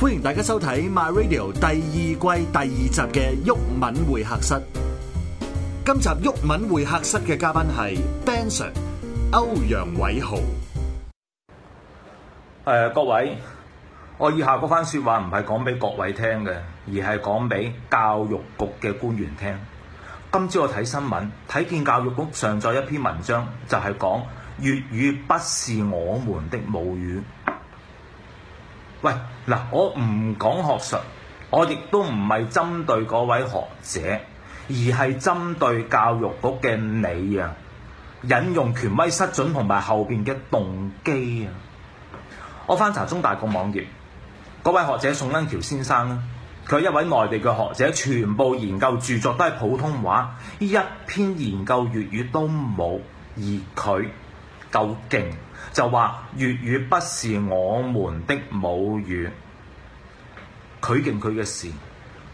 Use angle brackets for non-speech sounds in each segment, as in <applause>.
歡迎大家收睇 My Radio 第二季第二集嘅毓民會客室。今集毓民會客室嘅嘉賓係 Ben Sir 歐陽偉豪。呃，各位，我以下嗰番說話唔係講俾各位聽嘅，而係講俾教育局嘅官員聽。今朝我睇新聞，睇見教育局上載一篇文章，就係講粵語不是我們的母語。喂，嗱，我唔講學術，我亦都唔係針對嗰位學者，而係針對教育局嘅你啊！引用權威失準同埋後邊嘅動機啊！我翻查中大個網頁，嗰位學者宋恩橋先生啦、啊，佢係一位內地嘅學者，全部研究著作都係普通話，一篇研究粵語都冇，而佢，夠勁就話粵語不是我們的母語，拒絕佢嘅事。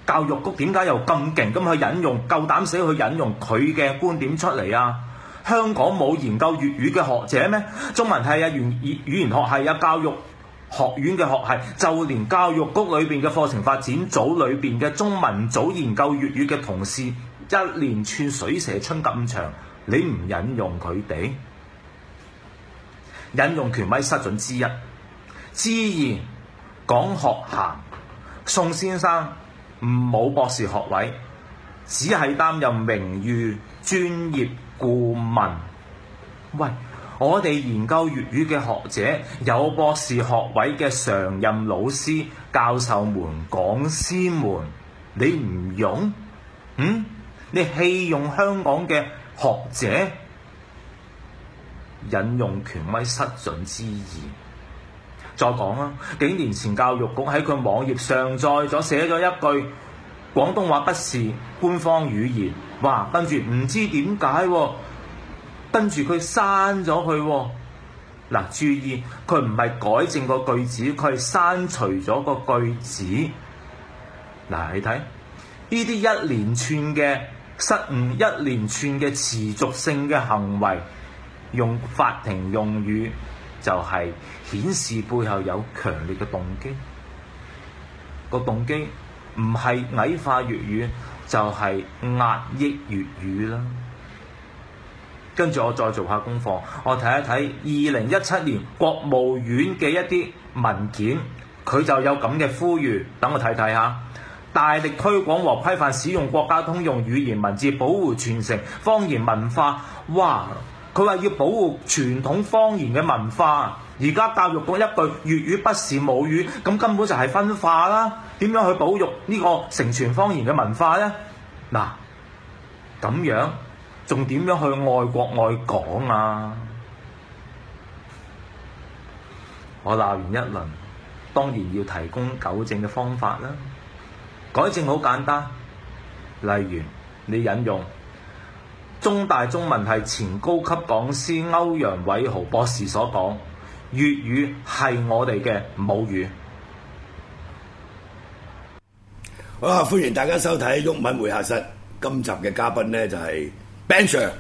教育局點解又咁勁？咁去引用，夠膽死去引用佢嘅觀點出嚟啊！香港冇研究粵語嘅學者咩？中文系啊，粵語語言學系啊，教育學院嘅學系，就連教育局裏邊嘅課程發展組裏邊嘅中文組研究粵語嘅同事，一連串水蛇春咁長，你唔引用佢哋？引用權威失準之一，之二，講學行宋先生唔冇博士學位，只係擔任名譽專業顧問。喂，我哋研究粵語嘅學者，有博士學位嘅常任老師、教授們、講師們，你唔用？嗯？你棄用香港嘅學者？引用權威失準之意。再講啦。幾年前教育局喺佢網頁上載咗寫咗一句廣東話，不是官方語言。哇！跟住唔知點解，跟住佢刪咗去。嗱、啊，注意佢唔係改正個句子，佢係刪除咗個句子。嗱、啊，你睇呢啲一連串嘅失誤，一連串嘅持續性嘅行為。用法庭用語就係顯示背後有強烈嘅動機，個動機唔係矮化粵語，就係壓抑粵語啦。跟住我再做下功課，我睇一睇二零一七年國務院嘅一啲文件，佢就有咁嘅呼籲。等我睇睇吓，大力推廣和規範使用國家通用語言文字，保護傳承方言文化。哇！佢話要保護傳統方言嘅文化，而家教育過一句粵語不是母語，咁根本就係分化啦。點樣去保育呢個承傳方言嘅文化咧？嗱，咁樣仲點樣去愛國愛港啊？我鬧完一輪，當然要提供糾正嘅方法啦。改正好簡單，例如你引用。中大中文系前高級講師歐陽偉豪博士所講，粵語係我哋嘅母語。好啊，歡迎大家收睇《毓民會客室》。今集嘅嘉賓呢，就係 Ben Sir，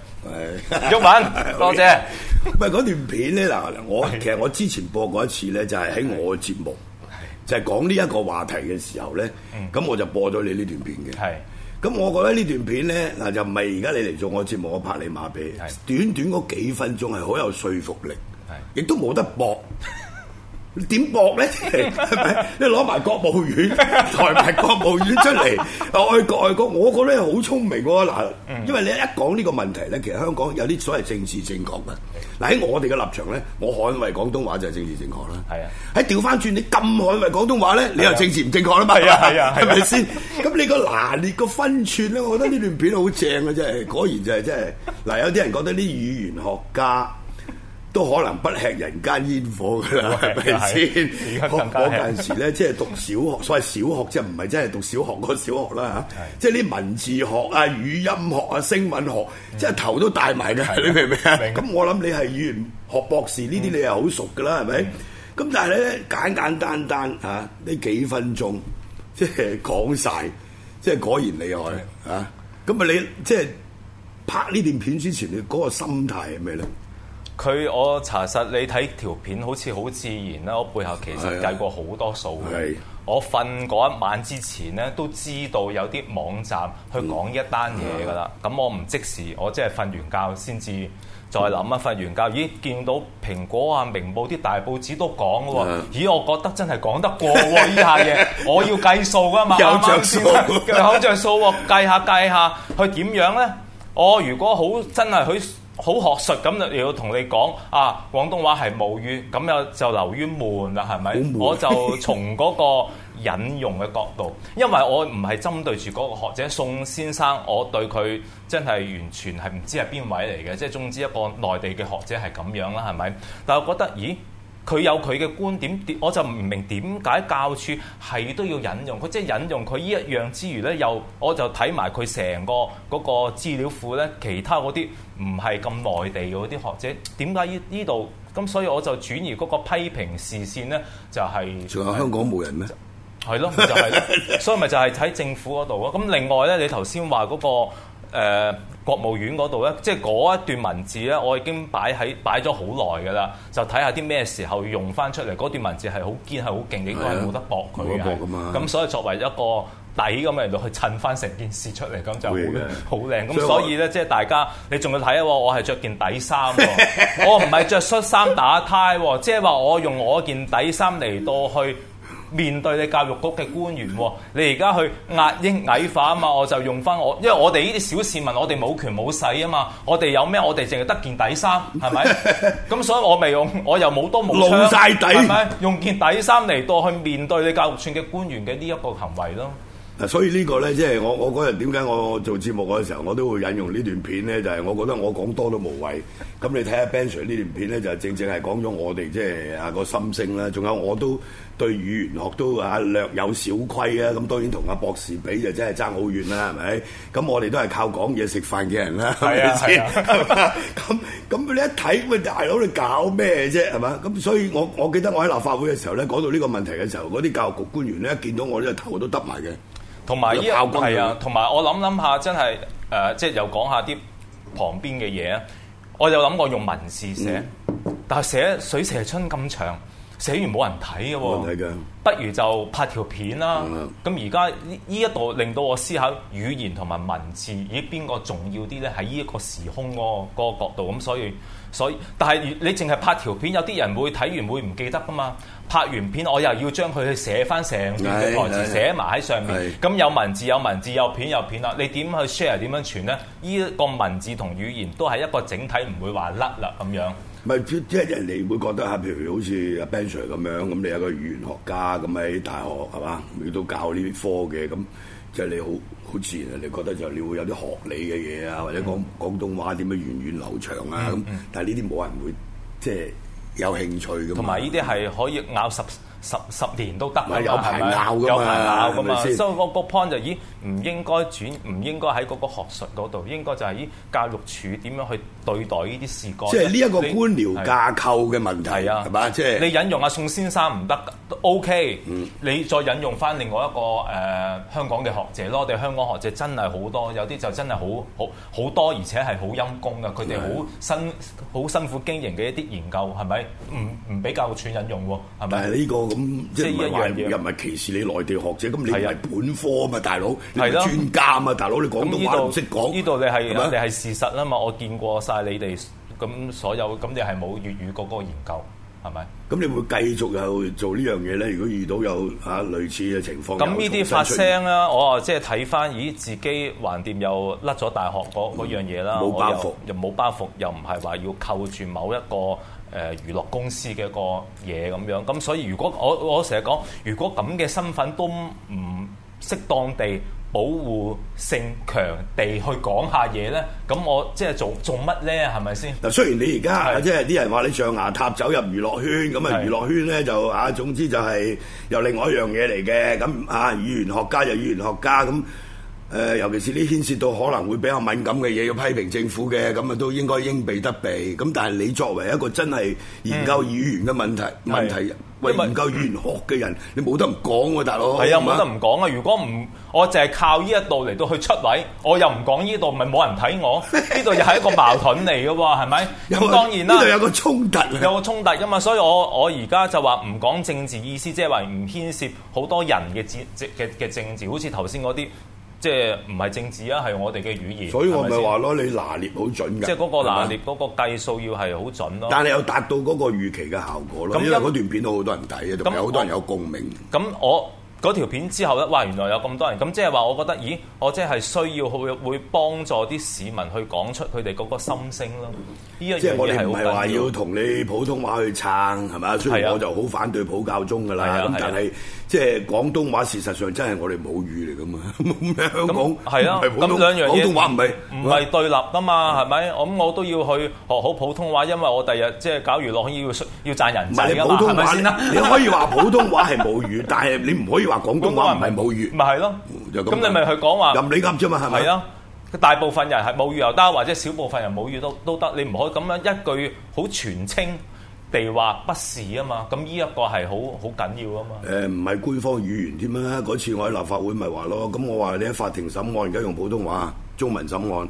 誒，毓民多 <laughs> 謝，謝。唔係嗰段片呢？嗱，我其實我之前播過一次呢，就係喺我嘅節目，的就係講呢一個話題嘅時候呢。咁的我就播咗你呢段片嘅。咁我覺得呢段片咧，嗱就唔係而家你嚟做我節目，我拍你馬屁。是的 短短嗰幾分鐘係好有說服力，是的 亦都冇得搏。 <laughs> 點駁咧？係咪？你攞埋國務院、抬埋國務院出嚟，外國外國，我覺得好聰明喎！嗱，因為你一講呢個問題咧，其實香港有啲所謂政治正確嘅。嗱，喺我哋嘅立場咧，我捍衞廣東話就係政治正確啦。係是啊，喺調翻轉你咁捍衞廣東話咧，你又政治唔正確啦嘛？係啊係啊，係咪先？咁你個拿捏個分寸咧，我覺得呢段片好正嘅啫。係，果然就係即係。嗱，有啲人覺得啲語言學家，都可能不吃人間煙火噶啦，係咪喂先？我嗰陣時咧，即係讀小學，所謂小學即係唔係真係讀小學嗰個小學啦，即係啲文字學啊、語音學啊、聲文學，嗯、即係頭都大埋噶，你明唔明啊？咁我諗你係語言學博士，呢啲你又好熟噶啦，係咪？咁但係咧，簡簡單單啊，呢幾分鐘即係講晒，即係果然厲害啊！咁啊，你即係拍呢段片之前，你嗰個心態係咩咧？佢，我查實你睇條片好似好自然啦，我背後其實計過好多數、啊啊、我瞓嗰一晚之前咧，都知道有啲網站去講一單嘢噶啦。咁、嗯嗯、我唔即時，我即係瞓完覺先至再諗啊。瞓、嗯、完覺咦，見到蘋果啊、明報啲大報紙都講喎。咦，我覺得真係講得過喎呢下嘢。我要計數噶嘛，有着數，有着數，計下計下，佢點樣呢？我如果真好如果真係佢。好學術咁就要同你講啊！廣東話係冇語，咁又就流於悶啦，好悶，係咪？我就從嗰個引用嘅角度，因為我唔係針對住嗰個學者宋先生，我對佢真係完全係唔知係邊位嚟嘅，即係總之一個內地嘅學者係咁樣啦，係咪？但係我覺得，咦？佢有佢嘅觀點，我就唔明點解教處係都要引用佢，即係引用佢呢一樣之餘咧，又我就睇埋佢成個嗰個資料庫咧，其他嗰啲唔係咁內地嗰啲學者，點解呢度咁？所以我就轉移嗰個批評視線咧，就係、是、仲有香港冇人咩？係咯， <laughs> 就係、是、咯，所以咪就係喺政府嗰度咯。咁另外咧，你頭先話嗰個。誒、呃、國務院嗰度咧，即係嗰一段文字咧，我已經擺喺擺咗好耐㗎啦。就睇下啲咩時候用翻出嚟。嗰段文字係好堅，係好勁，應該係冇得駁佢啊。咁所以作為一個底咁嚟到去襯翻成件事出嚟，咁就會好的靚。咁所以咧，即係大家你仲要睇下我係着件底衫喎， <laughs> 我唔係着恤衫打呔喎，即係話我用我件底衫嚟到去。面對你教育局嘅官員，你而家去壓抑矮化啊嘛，我就用翻我，因為我哋呢啲小市民，我哋冇權冇勢啊嘛，我哋有咩？我哋淨係得件底衫，係咪？咁 <laughs> 所以我咪用，我又冇刀冇槍，露曬底係咪，用件底衫嚟到去面對你教育局嘅官員嘅呢一個行為咯。所以個呢個咧，即、就、係、是、我我嗰日點解我做節目嗰陣時候，我都會引用呢段片咧，就係、是、我覺得我講多都無謂。咁你睇下 Ben Sir 呢段片咧，就正正係講咗我哋即係啊、那個心聲啦。仲有我都對語言學都啊略有小虧啊。咁當然同阿、啊、博士比就真係爭好遠啦，係咪？咁我哋都係靠講嘢食飯嘅人啦，係咪？咁咁你一睇喂，大佬你搞咩啫？係嘛？咁所以我我記得我喺立法會嘅時候咧，講到呢個問題嘅時候，嗰啲教育局官員咧，一見到我咧頭都耷埋嘅。同埋依個係啊，同埋我諗諗下，真係，誒，即係又講下啲旁邊嘅嘢啊！我有諗過用文字寫，但係寫《水蛇春》咁長。寫完冇人睇嘅，不如就拍條片啦。咁而家呢一度令到我思考語言同埋文字，咦，邊個重要啲呢？喺呢一個時空嗰個角度，咁所以所以，但係你淨係拍條片，有啲人會睇完會唔記得噶嘛？拍完片，我又要將佢去寫翻成段嘅台詞，是寫埋喺上面。咁是有文字有文字有片有片啊！你點去 share 點樣傳呢？呢個文字同語言都係一個整體，唔會話甩啦咁樣。唔係，即係人哋會覺得嚇，譬如好似阿 Ben Sir 咁樣，咁、嗯、你有個語言學家咁喺、嗯、大學係嘛？你都教呢啲科嘅，咁即係你好好自然，你覺得就你會有啲學理嘅嘢啊，或者講廣東話點樣源遠流長啊咁。嗯嗯、但係呢啲冇人會即係、就是、有興趣咁。同埋呢啲係可以咬十。十十年都得，啦是，有排拗噶，有排拗噶嘛，所以個個 point 就咦，唔應該轉，唔應該喺嗰個學術嗰度，應該就係咦，教育署點樣去對待呢啲事幹？即係呢一個官僚架構嘅問題啊，係嘛？即係你引用阿宋先生唔得。O K，你再引用翻另外一個誒香港嘅學者咯，我哋香港學者真係好多，有啲就真係好好好多，而且係好陰功㗎，佢哋好辛好辛苦經營嘅一啲研究係咪？唔唔比較串引用喎？係咪？但係呢個咁即係一樣嘢，又唔係歧視你內地學者。咁你係本科啊嘛，大佬，你係專家啊嘛，大佬，你廣東話唔識講。呢度你係你係事實啦嘛，我見過晒你哋咁所有，咁你係冇粵語嗰個研究。係咪？咁你會繼續又做呢樣嘢咧？如果遇到有嚇類似嘅情況，咁呢啲發聲啦，我啊即係睇翻，咦，自己橫掂又甩咗大學嗰樣嘢啦，冇包袱，又冇包袱，又唔係話要扣住某一個誒、呃、娛樂公司嘅一個嘢咁樣。咁所以如果我我成日講，如果咁嘅身份都唔適當地。保護性強地去講下嘢呢？咁我即係做做乜呢？係咪先？嗱，雖然你而家是即係啲人話你象牙塔走入娛樂圈，咁啊娛樂圈呢就啊，總之就係由另外一樣嘢嚟嘅。咁啊，語言學家就語言學家咁誒、呃，尤其是啲牽涉到可能會比較敏感嘅嘢，要批評政府嘅，咁啊都應該應避得避。咁但係你作為一個真係研究語言嘅問題、嗯、問題喂為唔夠儒學嘅人，你冇得唔講喎，大佬？係啊的，冇嗎得唔講啊！如果唔，我淨係靠呢一度嚟到去出位，我又唔講呢度，咪冇人睇我。呢度又係一個矛盾嚟嘅，係咪？咁有當然啦，有個衝突、啊，有個衝突噶嘛。所以我我而家就話唔講政治，意思即係話唔牽涉好多人嘅政嘅嘅政治，好似頭先嗰啲。即係唔係政治啊？係我哋嘅語言。所以我咪話咯，吧你拿捏好準㗎。即係嗰個拿捏吧，嗰個計數要係好準咯。但係你有達到嗰個預期嘅效果咯，嗯、因為段片都好多人睇，嗯、有好多人有共鳴、嗯。咁我嗰條、嗯、片之後咧，哇！原來有咁多人，咁即係話我覺得，咦？我即係需要去會幫助啲市民去講出佢哋嗰個心聲咯。即係我哋唔係話要同你普通話去撐係咪？所以我就好反對普教中㗎啦。咁但係即係廣東話事實上真係我哋母語嚟㗎嘛。冇咩香港係啊，咁兩樣嘢，廣東話唔係唔係對立㗎嘛係咪？咁我都要去學好普通話，因為我第日即係搞娛樂要要賺人氣㗎嘛。係咪先啦？你可以話普通話係母語，但係你唔可以話廣東話唔係母語。咪係咯，咁。你咪去講話任你噏啫嘛係咪？大部分人係母語又得，或者小部分人母語都都得。你唔可以咁樣一句好全稱地話不是啊嘛。咁呢一個係好好緊要啊嘛。誒，唔係官方語言添啦。嗰次我喺立法會咪話咯。咁我話你喺法庭審案而家用普通話中文審案，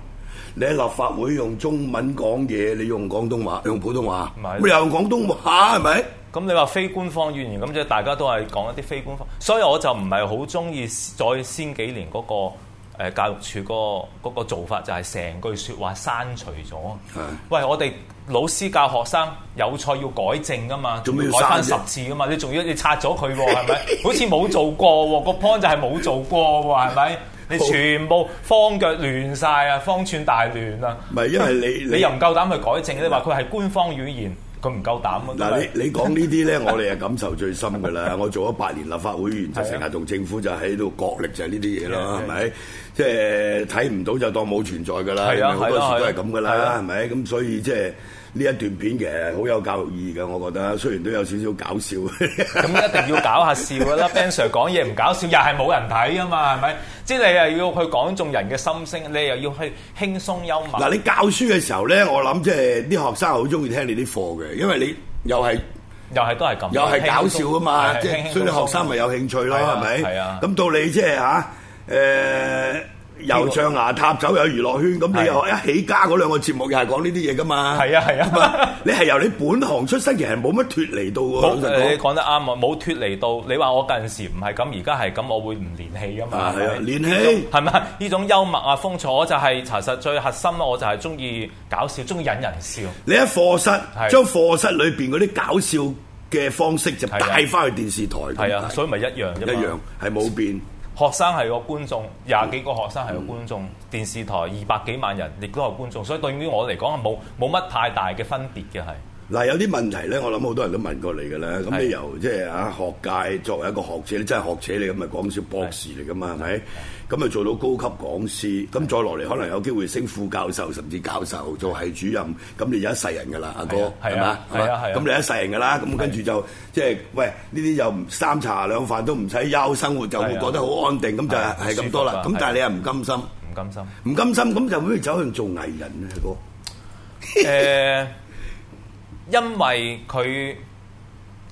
你喺立法會用中文講嘢，你用廣東話，用普通話，咪又用廣東話係咪？咁你話非官方語言，咁即係大家都係講一啲非官方。所以我就唔係好中意再先幾年嗰個。誒，教育處個嗰個做法就係成句説話刪除咗。係，喂，我哋老師教學生有錯要改正㗎嘛，仲要改返十次㗎嘛，你仲要你拆咗佢喎，係咪？ <laughs> 好似冇做過喎，個 point 就係冇做過喎，係咪？你全部方腳亂晒啊，方寸大亂啊！唔係，因為你你又唔夠膽去改正，你話佢係官方語言，佢唔夠膽啊！嗱，你你講呢啲咧，我哋係感受最深噶啦。 <laughs> 我做咗八年立法會議員，就成日同政府就喺度角力就，就係呢啲嘢啦，係咪的？即係睇唔到就當冇存在噶啦，好的的多時都係咁噶啦，係咪？咁的所以即係。就是呢一段片嘅好有教育意義嘅，我覺得雖然都有少少搞笑。咁一定要搞下笑嘅啦，Ben Sir 講嘢唔搞笑又係冇人睇嘅嘛，係咪？即係你又要去講眾人嘅心聲，你又要去輕鬆幽默。嗱，你教書嘅時候咧，我諗即係啲學生好中意聽你啲課嘅，因為你又係又係都係咁，又係搞笑啊嘛，即係所以你學生咪有興趣啦，係咪？係啊。咁到你即係嚇誒。又象牙塔走入娛樂圈，咁你又一起家嗰兩個節目又係講呢啲嘢噶嘛？係啊係啊，你係由你本行出身，其實冇乜脫離到喎。誒，講得啱，啊，冇脫離到。你話我近陣時唔係咁，而家係咁，我會唔連戲噶嘛？係啊，連戲係咪？呢種幽默啊，風趣，就係查實最核心咯。我就係中意搞笑，中意引人笑。你喺課室將課室裏邊嗰啲搞笑嘅方式就帶翻去電視台。係啊，所以咪一樣一樣係冇變。學生係個觀眾，廿幾個學生係個觀眾，嗯、電視台二百幾萬人亦都係觀眾，所以對於我嚟講係冇冇乜太大嘅分別嘅係。嗱有啲問題咧，我諗好多人都問過你噶啦。咁你由即係啊學界作為一個學者，你真係學者嚟咁咪講笑博士嚟噶嘛？係咪？咁咪做到高級講師，咁再落嚟可能有機會升副教授甚至教授，做系主任，咁你有一世人噶啦，阿哥係咪啊？啊係咁你一世人噶啦，咁跟住就即係喂呢啲又三茶兩飯都唔使休，生活就會覺得好安定，咁就係咁多啦。咁但係你又唔甘心？唔甘心？唔甘心咁就不如走向做藝人啦，阿哥。誒～因為佢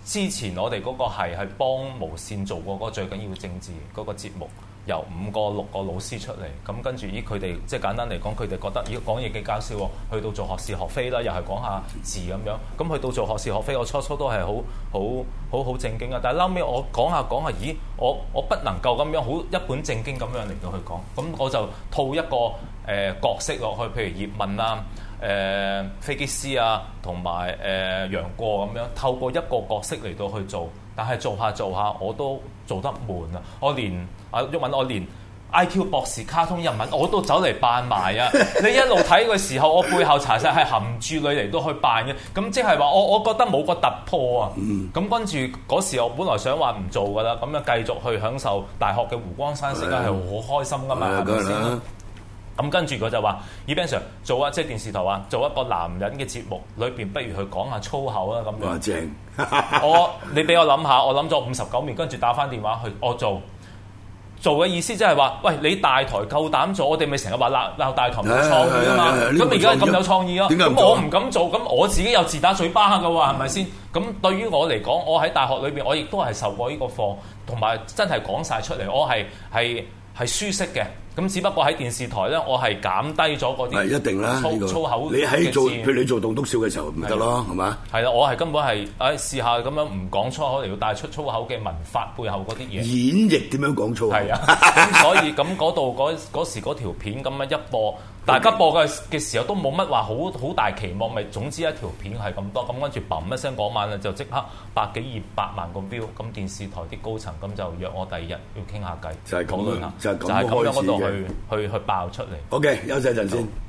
之前我哋嗰個係去幫無線做過嗰個最緊要正字嗰個節目，由五個六個老師出嚟，咁跟住咦佢哋即係簡單嚟講，佢哋覺得咦講嘢幾搞笑喎，去到做學是學非啦，又係講下字咁樣，咁去到做學是學非，我初初都係好好好正經啊，但係後尾我講下講下，咦我我不能夠咁樣好一本正經咁樣嚟到去講，咁我就套一個誒、呃、角色落去，譬如葉問啊。誒飛機師啊，同埋誒楊過咁樣，透過一個角色嚟到去做，但係做下做下，我都做得悶啊！我連阿毓民，我連 I Q 博士卡通人物我都走嚟扮埋啊！ <laughs> 你一路睇嘅時候，我背後查實係含住你嚟都去扮嘅，咁即係話我我覺得冇個突破啊！咁、嗯、跟住嗰時我本來想話唔做㗎啦，咁樣繼續去享受大學嘅湖光山色係好開心㗎嘛，係咪先？咁跟住佢就話，Eben Sir，做啊，即係電視台啊，做一個男人嘅節目裏面，裏邊不如去講下粗口樣啊。咁，我正， <laughs> 我，你俾我諗下，我諗咗五十九秒，跟住打返電話去，我做做嘅意思即係話，喂，你大台夠膽做，我哋咪成日話鬧鬧大台冇創意啊嘛。咁而家咁有創意啊，咁我唔敢做，咁我自己又自打嘴巴㗎喎，係咪先？咁對於我嚟講，我喺大學裏邊，我亦都係受過呢個課，同埋真係講晒出嚟，我係係。係舒適嘅，咁只不過喺電視台咧，我係減低咗嗰啲，係，一定啦，粗口。你喺做，譬如你做棟篤笑嘅時候唔得咯，係嘛的？係啦，我係根本係，唉、哎，試下咁樣唔講粗口，嚟要帶出粗口嘅文法背後嗰啲嘢。演繹點樣講粗口？係啊，所以咁嗰度嗰嗰時嗰條片咁樣一播。 <laughs> 一播 Okay. 大家播嘅嘅時候都冇乜話好好，好大期望，咪總之一條片係咁多，咁跟住砰一聲嗰晚咧就即刻百幾二百萬個 view 咁電視台啲高層咁就約我第二日要傾下計，討論下，就係咁樣嗰度去去去爆出嚟。OK，休息陣先。